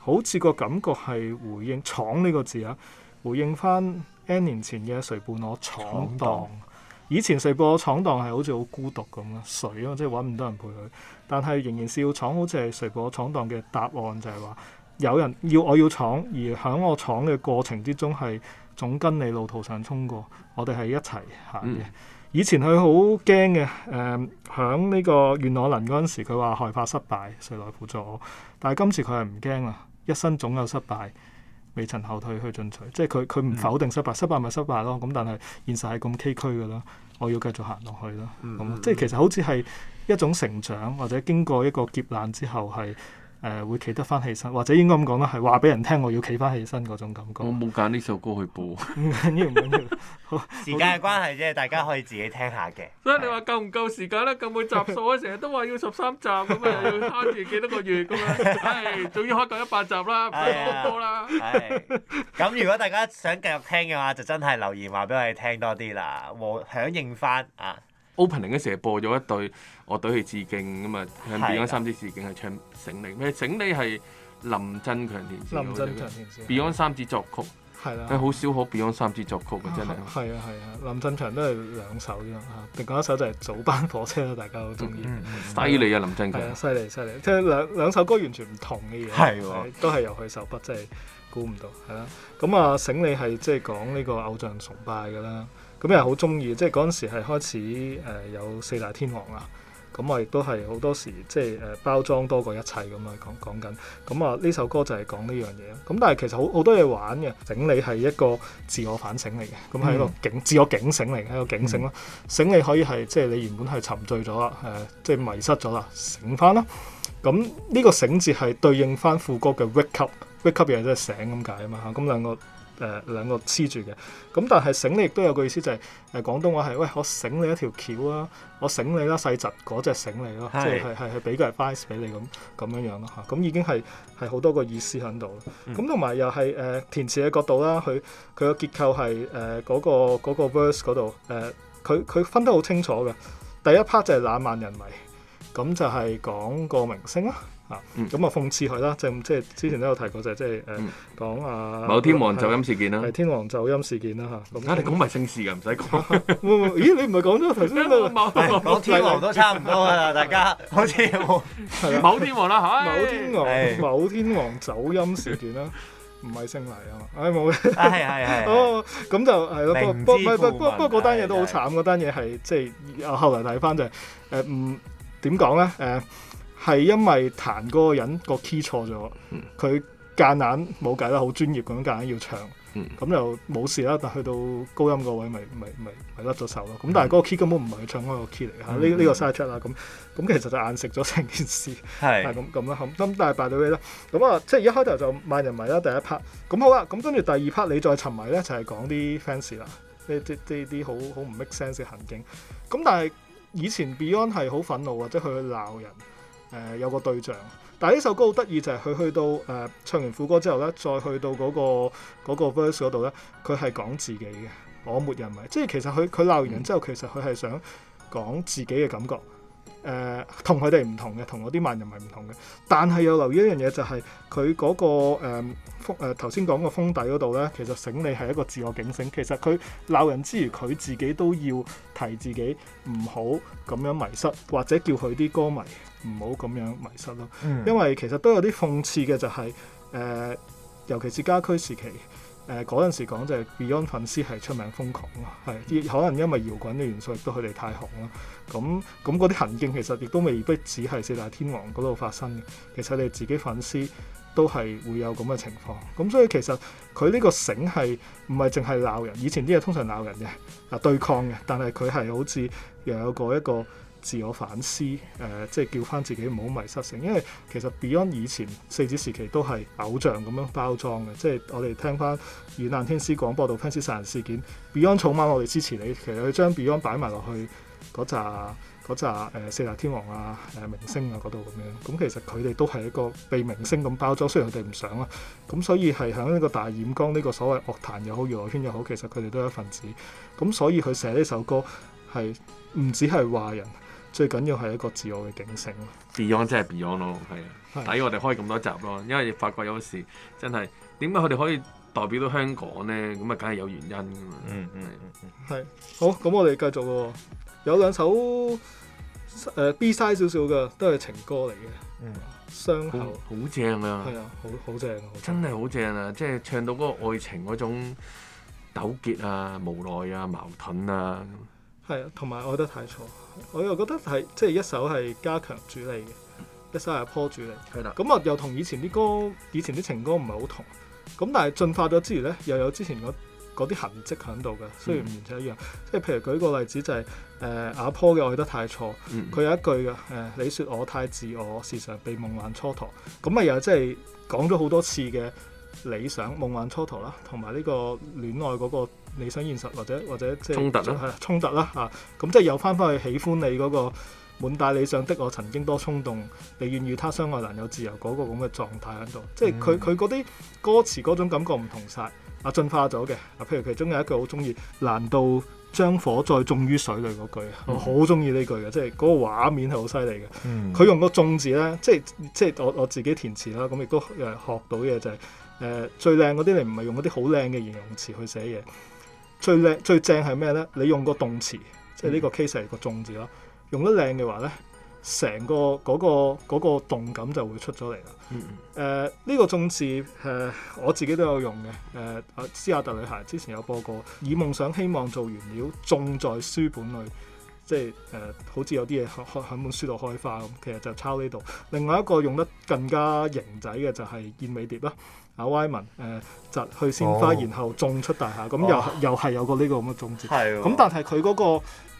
好似個感覺係回應“闖”呢個字啊。回應翻 N 年前嘅誰伴我闖蕩，以前誰伴我闖蕩係好似好孤獨咁咯，誰啊即係搵唔到人陪佢，但係仍然要是要闖，好似係誰伴我闖蕩嘅答案就係話，有人要我要闖，而喺我闖嘅過程之中係總跟你路途上沖過，我哋係一齊行嘅。以前佢好驚嘅，誒、呃，響呢個願我能嗰陣時，佢話害怕失敗，誰來輔助我？但係今次佢係唔驚啦，一生總有失敗。未曾後退去進取，即係佢佢唔否定失敗，嗯、失敗咪失敗咯。咁但係現實係咁崎嶇㗎喇，我要繼續行落去咯。咁、嗯、即係其實好似係一種成長，或者經過一個劫難之後係。誒、呃、會企得翻起身，或者應該咁講啦，係話俾人聽我要企翻起身嗰種感覺。我冇揀呢首歌去播。唔 緊要唔緊要，好，好時間嘅關係啫，好大家可以自己聽下嘅。所以你話夠唔夠時間啦？夠唔夠集數啊？成日都話要十三集咁啊， 要慳住幾多個月咁啊？唉、 哎，仲要開夠一百集啦，唔使咁多啦。唉、 哎，咁如果大家想繼續聽嘅話，就真係留言話俾我哋聽多啲啦，和響應翻啊！Opening 嗰日播咗一隊，我隊去致敬咁啊！向 Beyond 三子致敬係唱《醒你》，咩《醒你》係林振強填詞，林振強填詞，Beyond 三子作曲，係啦，好少可 Beyond 三子作曲嘅真係。係啊係啊，林振強都係兩首啫嚇，另外一首就係早班火車啦，大家都好中意。犀利啊，林振強！犀利犀利，即係兩兩首歌完全唔同嘅嘢。係喎，都係由佢手筆，真係估唔到係啦。咁啊，《醒你》係即係講呢個偶像崇拜㗎啦。咁又好中意，即係嗰陣時係開始誒、呃、有四大天王啦。咁我亦都係好多時即係誒包裝多過一切咁、嗯、啊講講緊。咁啊呢首歌就係講呢樣嘢。咁但係其實好好多嘢玩嘅，整理係一個自我反省嚟嘅。咁係一個警、嗯、自我警醒嚟嘅。一個警醒咯。醒你可以係即係你原本係沉醉咗啦，誒、呃、即係迷失咗啦，醒翻啦。咁呢個醒字係對應翻副歌嘅 wake up，wake up 又係即係醒咁解啊嘛。咁兩個。誒、呃、兩個黐住嘅，咁、嗯、但係醒你亦都有個意思就係、是、誒、呃、廣東話係喂，我醒你一條橋啊，我醒你啦、啊、細侄嗰隻醒你咯、啊，是即係係係係俾個 advice 俾你咁咁樣樣咯、啊、嚇，咁、啊、已經係係好多個意思喺度啦。咁同埋又係誒、呃、填詞嘅角度啦，佢佢個結構係誒嗰個 verse 嗰度誒，佢、呃、佢分得好清楚嘅，第一 part 就係冷慢人迷，咁就係講個明星啦。啊，咁啊諷刺佢啦，就即係之前都有提過，就係即係誒講啊某天王走音事件啦，係天王走音事件啦嚇。啊，你咁咪姓氏㗎，唔使講。唔唔，咦？你唔係講咗頭先啊？講天王都差唔多啦，大家。好似某天王啦嚇，某天王，某天王走音事件啦，唔係姓黎啊嘛。唉冇嘅。啊係，啊係。哦，咁就係咯。不過不過不過不過嗰單嘢都好慘，嗰單嘢係即係後來睇翻就誒唔點講咧誒。係因為彈嗰個人個 key 錯咗，佢間、嗯、硬冇計得好專業咁樣間硬要唱，咁、嗯、就冇事啦。但去到高音嗰位，咪咪咪咪甩咗手咯。咁但係嗰個 key 根本唔係佢唱開個 key 嚟嘅，呢呢個嘥出啦。咁咁其實就硬食咗成件事係咁咁啦。咁咁是但係敗到尾啦。咁啊，即係一開頭就萬人迷啦。第一 part 咁好啦，咁跟住第二 part 你再沉迷咧，就係、是、講啲 fans 啦，呢啲呢啲好好唔 make sense 嘅行徑。咁但係以前 Beyond 係好憤怒或者係佢鬧人。誒、呃、有個對象，但係呢首歌好得意就係、是、佢去到誒、呃、唱完副歌之後咧，再去到嗰、那個那個 verse 嗰度咧，佢係講自己嘅。我沒人迷，即係其實佢佢鬧完人之後，嗯、其實佢係想講自己嘅感覺，誒、呃、同佢哋唔同嘅，同我啲萬人迷唔同嘅，但係又留意一樣嘢就係佢嗰個誒封頭先講個封底嗰度咧，其實醒你係一個自我警醒，其實佢鬧人之餘，佢自己都要提自己唔好咁樣迷失，或者叫佢啲歌迷。唔好咁樣迷失咯，嗯、因為其實都有啲諷刺嘅、就是，就係誒，尤其是家駒時期，誒嗰陣時講就係 Beyond 粉絲係出名瘋狂咯，係可能因為搖滾嘅元素亦都佢哋太紅啦。咁咁嗰啲行徑其實亦都未必只係四大天王嗰度發生嘅，其實你自己粉絲都係會有咁嘅情況。咁所以其實佢呢個醒係唔係淨係鬧人？以前啲嘢通常鬧人嘅啊對抗嘅，但係佢係好似又有一個一個。自我反思，誒、呃，即係叫翻自己唔好迷失性。因為其實 Beyond 以前四子時期都係偶像咁樣包裝嘅，即係我哋聽翻遠難天師廣播度《潘氏殺人事件》，Beyond 草蜢我哋支持你，其實佢將 Beyond 擺埋落去嗰扎嗰扎誒四大天王啊、誒、呃、明星啊嗰度咁樣，咁其實佢哋都係一個被明星咁包裝，雖然佢哋唔想啦、啊。咁所以係響呢個大染缸，呢個所謂樂壇又好，娛樂圈又好，其實佢哋都係一份子。咁所以佢寫呢首歌係唔止係話人。最緊要係一個自我嘅警醒 Beyond 真係 Beyond 咯，係啊的，抵我哋開咁多集咯。因為發覺有時真係點解佢哋可以代表到香港咧，咁啊梗係有原因噶嘛。嗯嗯嗯，係好，咁我哋繼續喎。有兩首誒、呃、B side 少少嘅，都係情歌嚟嘅。嗯，傷口好正啊，係啊，好好正啊，真係好正啊！即係唱到嗰個愛情嗰種糾結啊、無奈啊、矛盾啊，係啊，同埋愛得太錯。我又覺得係即係一首係加強主理嘅，一首係阿坡主理，係啦的。咁啊又同以前啲歌，以前啲情歌唔係好同。咁但係進化咗之餘咧，又有之前嗰嗰啲痕跡喺度嘅，雖然唔完全一樣。即係、嗯、譬如舉個例子就係、是、誒、呃、阿坡嘅愛得太錯，佢、嗯、有一句嘅誒、呃，你説我太自我，時常被夢幻蹉跎。咁啊又即係講咗好多次嘅理想、嗯、夢幻蹉跎啦，同埋呢個戀愛嗰、那個。理想現實或者或者即係衝突啦，衝突啦嚇，咁即係又翻返去喜歡你嗰個滿帶理想的我曾經多衝動，你願與他相愛難有自由嗰個咁嘅狀態喺度，即係佢佢嗰啲歌詞嗰種感覺唔同晒，啊，進化咗嘅，譬如其中有一句好中意，難道將火再種於水裏嗰句，我好中意呢句嘅，即係嗰個畫面係好犀利嘅，佢用個種字咧，即係即係我我自己填詞啦，咁亦都誒學到嘅就係誒最靚嗰啲，你唔係用嗰啲好靚嘅形容詞去寫嘢。嗯嗯嗯最靚最正係咩咧？你用個動詞，即係呢個 case 係個種字咯。用得靚嘅話咧，成個嗰、那個嗰、那個、動感就會出咗嚟啦。誒呢、mm hmm. 呃這個種字誒、呃、我自己都有用嘅。誒阿施亞特女孩之前有播過，以夢想希望做原料種在書本裏，即係誒、呃、好似有啲嘢喺本書度開花咁。其實就抄呢度。另外一個用得更加型仔嘅就係燕尾蝶啦。阿威文誒摘去鮮花，然後種出大廈，咁、oh. 又又係有個呢、oh. 那個咁嘅種字。咁但係佢嗰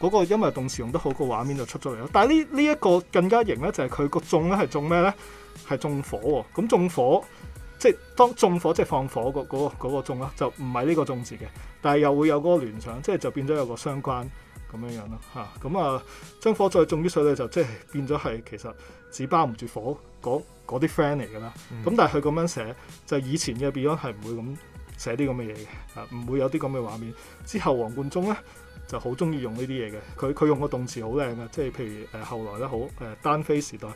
個嗰個因為動詞用得好嘅、那個、畫面就出咗嚟咯。但係呢呢一個更加型咧，就係佢個種咧係種咩咧？係種火喎。咁種火即係當種火即係放火、那個嗰、那個種啦，就唔係呢個種字嘅。但係又會有嗰個聯想，即係就變咗有個相關咁樣樣咯嚇。咁啊，啊，將火再種啲水咧，就即係變咗係其實紙包唔住火、那個我啲 friend 嚟噶啦。咁、嗯、但係佢咁樣寫，就係，以前嘅 Beyond 係唔會咁寫啲咁嘅嘢嘅，啊唔會有啲咁嘅畫面。之後黃貫中咧就好中意用呢啲嘢嘅，佢佢用個動詞好靚嘅，即係譬如誒、呃、後來咧好誒、呃、單飛時代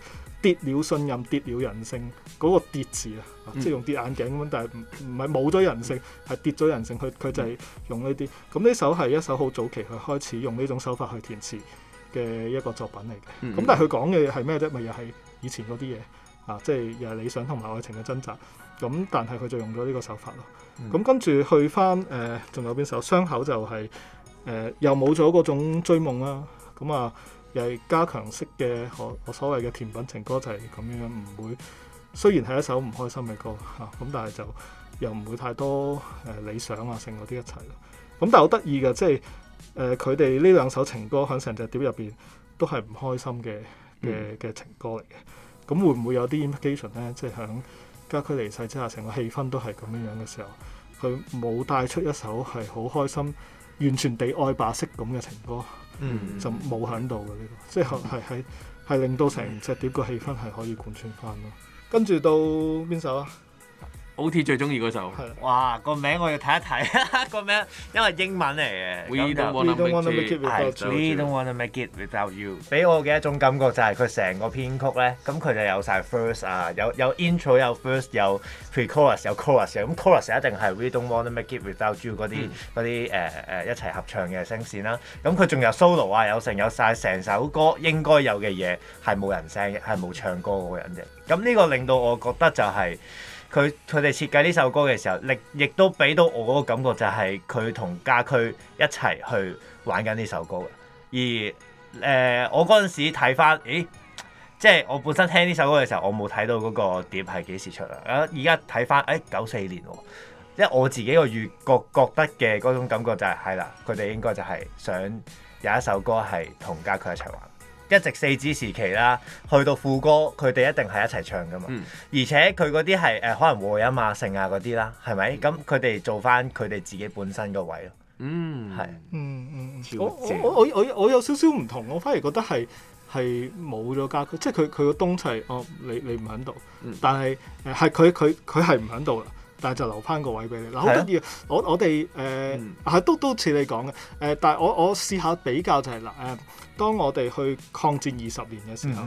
跌了信任跌了人性嗰、嗰個跌字啊，嗯、即係用跌眼鏡咁，但係唔唔係冇咗人性，係，嗯、跌咗人性。佢佢就係用呢啲，咁呢、嗯、首係一首好早期佢開始用呢種手法去填詞嘅一個作品嚟嘅。咁、嗯、但係佢講嘅係咩啫？咪又係以前嗰啲嘢。啊，即係又係理想同埋愛情嘅掙扎，咁但係佢就用咗呢個手法咯。咁、嗯、跟住去翻誒，仲、呃、有邊首？傷口就係、是、誒、呃，又冇咗嗰種追夢啦、啊。咁啊，又係加強式嘅，我所謂嘅甜品情歌就係咁樣，唔會雖然係一首唔開心嘅歌嚇，咁、啊、但係就又唔會太多誒、呃、理想啊，剩嗰啲一齊咯。咁但係好得意嘅，即係誒佢哋呢兩首情歌喺成隻碟入邊都係唔開心嘅嘅嘅情歌嚟嘅。咁會唔會有啲 impact 咧？即係響家駒離世之下，成個氣氛都係咁樣樣嘅時候，佢冇帶出一首係好開心、完全地愛把式咁嘅情歌，嗯、就冇喺度嘅呢個，即係係係係令到成隻碟個氣氛係可以貫穿翻咯。跟住到邊首啊？O.T. 最中意嗰首，的哇個名我要睇一睇個 名，因為英文嚟嘅。We don't wanna, don't wanna make it without you。俾我嘅一種感覺就係佢成個編曲咧，咁佢就有晒 first 啊，有有 intro 有 first 有 pre-chorus 有 chorus 咁 chorus ch 一定係 We don't wanna make it without you 嗰啲嗰啲誒誒一齊合唱嘅聲線啦。咁佢仲有 solo 啊，有成有晒成首歌應該有嘅嘢，係冇人聲嘅，係冇唱歌嗰個人嘅。咁呢個令到我覺得就係、是。佢佢哋設計呢首歌嘅時候，亦亦都俾到我個感覺就係佢同家駒一齊去玩緊呢首歌嘅。而誒、呃，我嗰陣時睇翻，誒，即係我本身聽呢首歌嘅時候，我冇睇到嗰個碟係幾時出嚟啊？而家睇翻，誒，九四年喎。因為我自己我越覺覺得嘅嗰種感覺就係係啦，佢哋應該就係想有一首歌係同家駒一齊玩，一直四子時期啦，去到副歌佢哋一定係一齊唱噶嘛，嗯、而且佢嗰啲係誒可能和音啊、聲啊嗰啲啦，係咪？咁佢哋做翻佢哋自己本身個位咯、嗯是嗯。嗯，係。嗯嗯，我我我我有少少唔同，我反而覺得係係冇咗家駒，即係佢佢個東西哦，你你唔喺度，但係誒係佢佢佢係唔喺度啦，但係就留翻個位俾你。嗱、嗯，好緊要。我我哋誒係都都似你講嘅誒，但係我我試下比較就係嗱誒。當我哋去抗戰二十年嘅時候，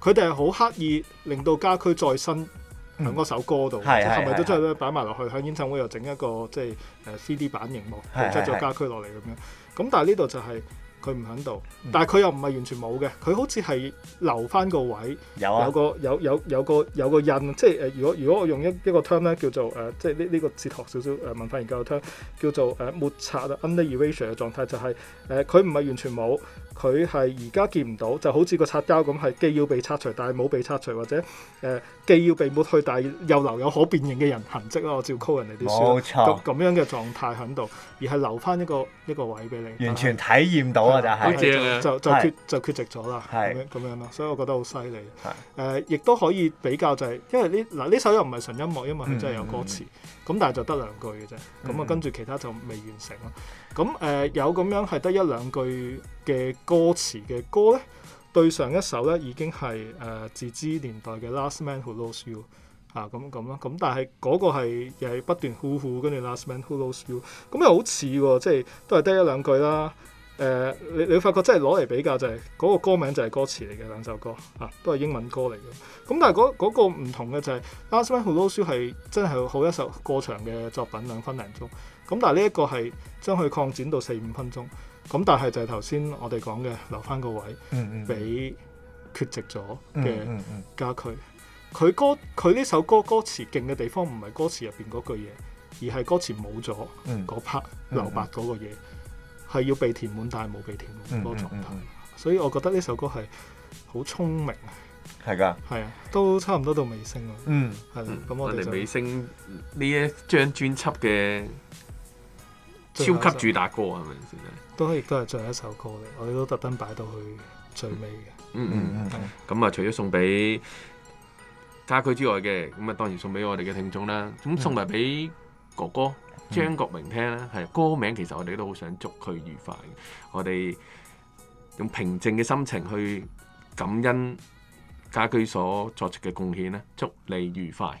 佢哋係好刻意令到家區再新。喺嗰首歌度，係咪、mm hmm. 都將佢擺埋落去，喺演唱會又整一個即係誒三 D 版熒幕，出咗家區落嚟咁樣。咁、mm hmm. 但係呢度就係佢唔喺度，mm hmm. 但係佢又唔係完全冇嘅，佢好似係留翻個位、mm hmm. 有啊，有，有，有，有個有有有有個印，即係誒、呃。如果如果我用一一個 term 咧，叫做誒、呃，即係呢呢個哲學少少誒文化研究嘅 term，叫做誒抹、呃、擦 under erasure 嘅狀態就係、是、誒，佢唔係完全冇。佢係而家見唔到，就好似個擦膠咁，係既要被擦除，但係冇被擦除，或者誒既要被抹去，但又留有可辨認嘅人痕跡咯。我照溝人哋啲書，冇錯，咁樣嘅狀態喺度，而係留翻一個一個位俾你，完全體驗到就係，就就缺就缺席咗啦，咁樣咯。所以我覺得好犀利。誒，亦都可以比較就係，因為呢嗱呢首又唔係純音樂，因為佢真係有歌詞，咁但係就得兩句嘅啫。咁啊，跟住其他就未完成咯。咁誒、呃、有咁樣係得一兩句嘅歌詞嘅歌咧，對上一首咧已經係誒、呃、自知年代嘅 Last Man Who Loses You 嚇咁咁啦，咁、啊啊、但係嗰個係又係不斷呼呼跟住 Last Man Who Loses You，咁又好似喎，即係都係得一兩句啦。誒、啊、你你發覺即係攞嚟比較就係、是、嗰、那個歌名就係歌詞嚟嘅兩首歌嚇、啊，都係英文歌嚟嘅。咁、啊、但係嗰、那個唔、那個、同嘅就係、是、Last Man Who Loses You 係真係好一首過場嘅作品，兩分零鐘。咁但係呢一個係將佢擴展到四五分鐘，咁但係就係頭先我哋講嘅留翻個位，嗯俾、嗯、缺席咗嘅家駒。佢歌佢呢首歌歌詞勁嘅地方，唔係歌詞入邊嗰句嘢，而係歌詞冇咗嗰 part 留白嗰個嘢，係、嗯嗯嗯嗯、要被填滿，但係冇被填滿嗰個狀態。嗯嗯嗯嗯所以我覺得呢首歌係好聰明。係㗎 jingle, 的。係啊，都差唔多到尾聲咯。嗯，嗯，係。咁我哋就尾聲呢一張專輯嘅。超級主打歌係咪先？是是都亦都係最後一首歌嚟，我哋都特登擺到去最尾嘅。嗯嗯，係。咁啊，除咗送俾家駒之外嘅，咁啊，當然送俾我哋嘅聽眾啦。咁送埋俾哥哥張、嗯、國榮聽啦，係、嗯、歌名其實我哋都好想祝佢愉快。我哋用平靜嘅心情去感恩家駒所作出嘅貢獻啦，祝你愉快。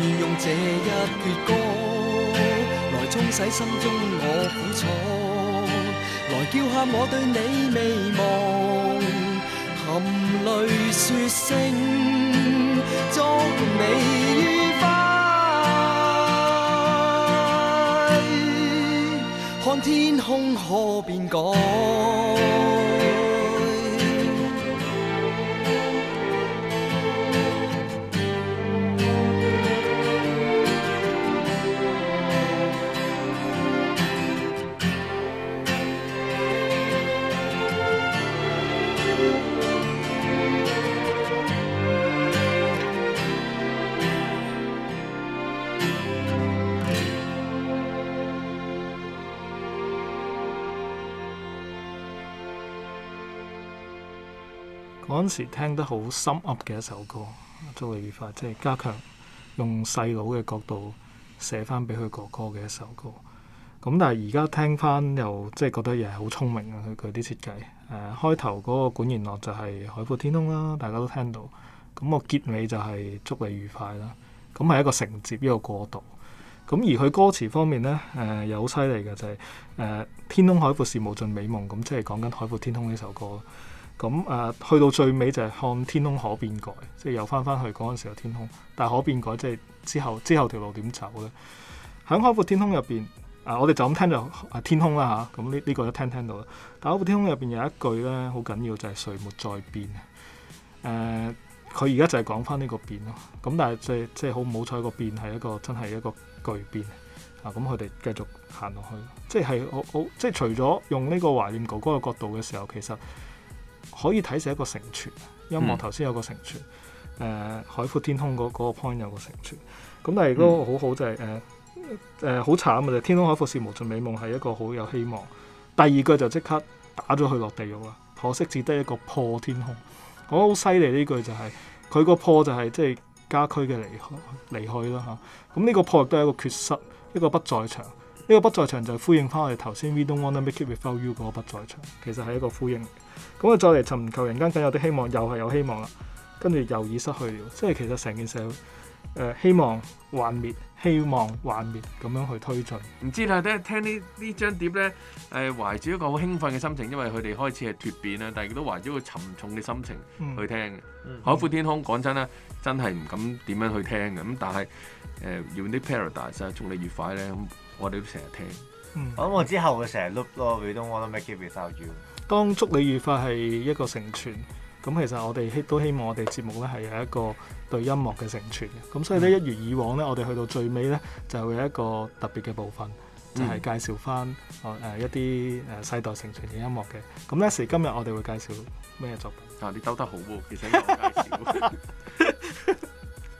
用這一闕歌來沖洗心中我苦楚，來叫喊我對你未忘，含淚説聲祝你愉快，看天空可變改。嗰陣時聽得好心噏嘅一首歌，祝你愉快，即係加強用細佬嘅角度寫翻俾佢哥哥嘅一首歌。咁但係而家聽翻又即係覺得又係好聰明啊，佢佢啲設計誒、呃、開頭嗰個管弦樂就係海闊天空啦，大家都聽到。咁個結尾就係祝你愉快啦。咁係一個承接一個過渡。咁而佢歌詞方面呢，誒又好犀利嘅就係、是、誒、呃、天空海闊是無盡美夢咁，即係講緊海闊天空呢首歌。咁誒、嗯、去到最尾就係看天空可變改，即係又翻翻去嗰陣時嘅天空，但係可變改即係之後之後條路點走咧？喺海闊天空入邊，誒、啊、我哋就咁聽就天空啦吓，咁呢呢個都、這個、聽聽到啦。但係海闊天空入邊有一句咧好緊要就係誰沒在變。誒、啊，佢而家就係講翻呢個變咯。咁但係即係即係好唔好彩個變係一個真係一個巨變啊！咁佢哋繼續行落去，即係好好即係除咗用呢個懷念哥哥嘅角度嘅時候，其實可以睇成一個承傳，音樂頭先有個承傳，誒、嗯呃、海闊天空嗰、那個 point 有個承傳。咁但係嗰個好好就係誒誒好慘啊！嗯呃呃、慘就是、天空海闊是無盡美夢係一個好有希望。第二句就即刻打咗佢落地獄啦。可惜只得一個破天空，講得好犀利呢句就係、是、佢、就是啊嗯這個破就係即係家駒嘅離離開啦嚇。咁呢個破亦都係一個缺失，一個不在場。呢、這個不在場就呼應翻我哋頭先 We don't wanna make it without you 嗰個不在場，其實係一個呼應。咁啊，再嚟尋求人間梗有啲希望，又係有希望啦，跟住又已失去了。即係其實成件事誒，希望幻滅，希望幻滅咁樣去推進。唔知咧，但聽呢呢張碟咧，誒、呃、懷住一個好興奮嘅心情，因為佢哋開始係脱變啦。但係亦都懷住一個沉重嘅心情去聽。嗯、海闊天空，講、嗯、真啦，真係唔敢點樣去聽嘅。咁但係誒、呃，用啲 Paradise，祝你愉快咧，我哋都成日聽。嗯、我諗我之後會成日 loop 咯 We don't wanna make it without you。當祝你愉快係一個成全，咁其實我哋希都希望我哋節目咧係有一個對音樂嘅成全嘅，咁所以咧一如以往咧，我哋去到最尾咧就會有一個特別嘅部分，就係、是、介紹翻誒一啲誒世代成全嘅音樂嘅。咁呢時今日我哋會介紹咩作品？啊，你兜得好喎，其實要介紹。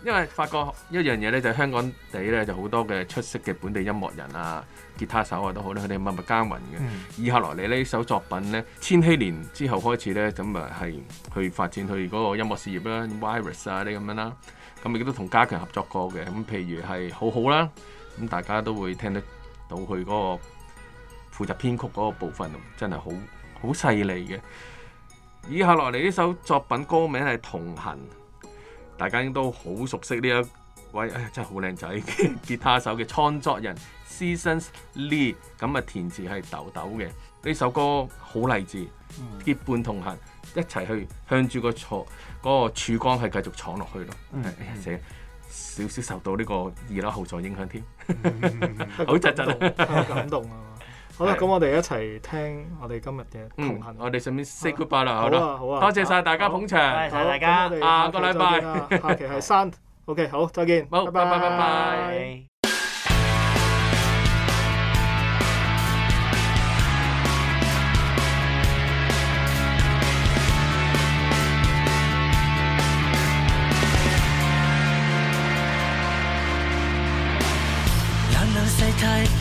因為發覺一樣嘢咧，就香港地咧就好多嘅出色嘅本地音樂人啊，吉他手啊都好啦，佢哋默默耕耘嘅。嗯、以下來嚟呢首作品咧，千禧年之後開始咧，咁啊係去發展佢嗰個音樂事業啦，Virus 啊啲咁樣啦。咁亦都同家強合作過嘅，咁譬如係好好啦，咁大家都會聽得到佢嗰個負責編曲嗰個部分，真係好好細膩嘅。以下來嚟呢首作品，歌名係同行。大家應該都好熟悉呢一位，誒，真係好靚仔吉他手嘅創作人 Seasons Lee，咁啊填詞係豆豆嘅，呢首歌好勵志，結伴同行，一齊去向住個鋤嗰個曙光係繼續闖落去咯。係，而且少少受到呢個二樓後座影響添，好窒窒，好感動啊！好啦，咁我哋一齊聽我哋今日嘅同行。我哋順便 say goodbye 啦。好啦，好啊。多謝晒大家捧場。多謝大家。下個禮拜，下期係三。OK，好，再見。拜拜拜拜拜。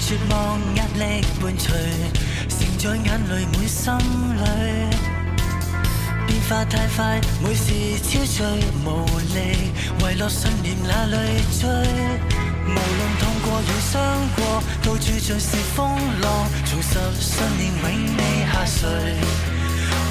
絕望壓力伴隨，盛載眼淚滿心裏。變化太快，每事超載，無力遺落信念那裏追。無論痛過與傷過，到處盡是風浪，重拾信念永未下垂。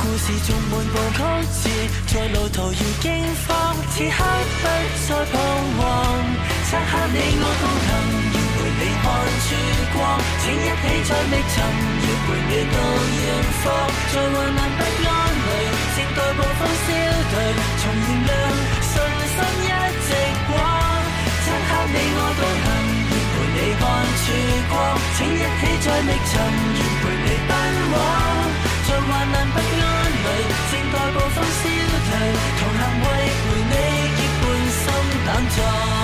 故事中滿佈曲折。再路途如驚慌，此刻不再彷徨，漆黑，你我共行。你看曙光，請一起再覓尋，願陪你到遠方，在患難不安裏靜待暴風消退，重燃亮信心一直往。漆黑，你我都很願陪你看曙光，請一起再覓尋，願陪你奔往，在患難不安裏靜待暴風消退，同行為陪你結伴心膽壯。